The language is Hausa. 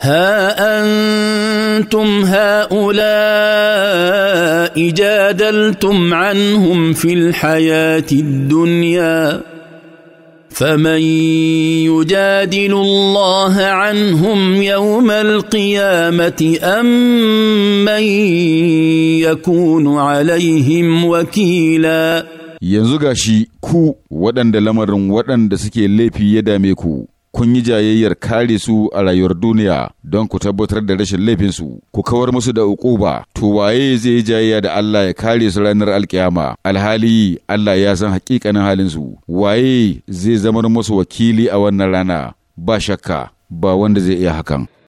ها انتم هؤلاء جادلتم عنهم في الحياه الدنيا فمن يجادل الله عنهم يوم القيامه ام من يكون عليهم وكيلا ينزغاشي كو ودن دلمرن ودن دسكي لفي يدامي كو kun yi jayayyar kare su a rayuwar duniya don ku tabbatar da rashin laifinsu ku kawar musu da ukuba to waye zai yi jayayya da Allah ya kare su ranar alkiyama alhali Allah ya san hakikanin halin su waye zai zamar musu wakili a wannan rana ba shakka ba wanda zai iya hakan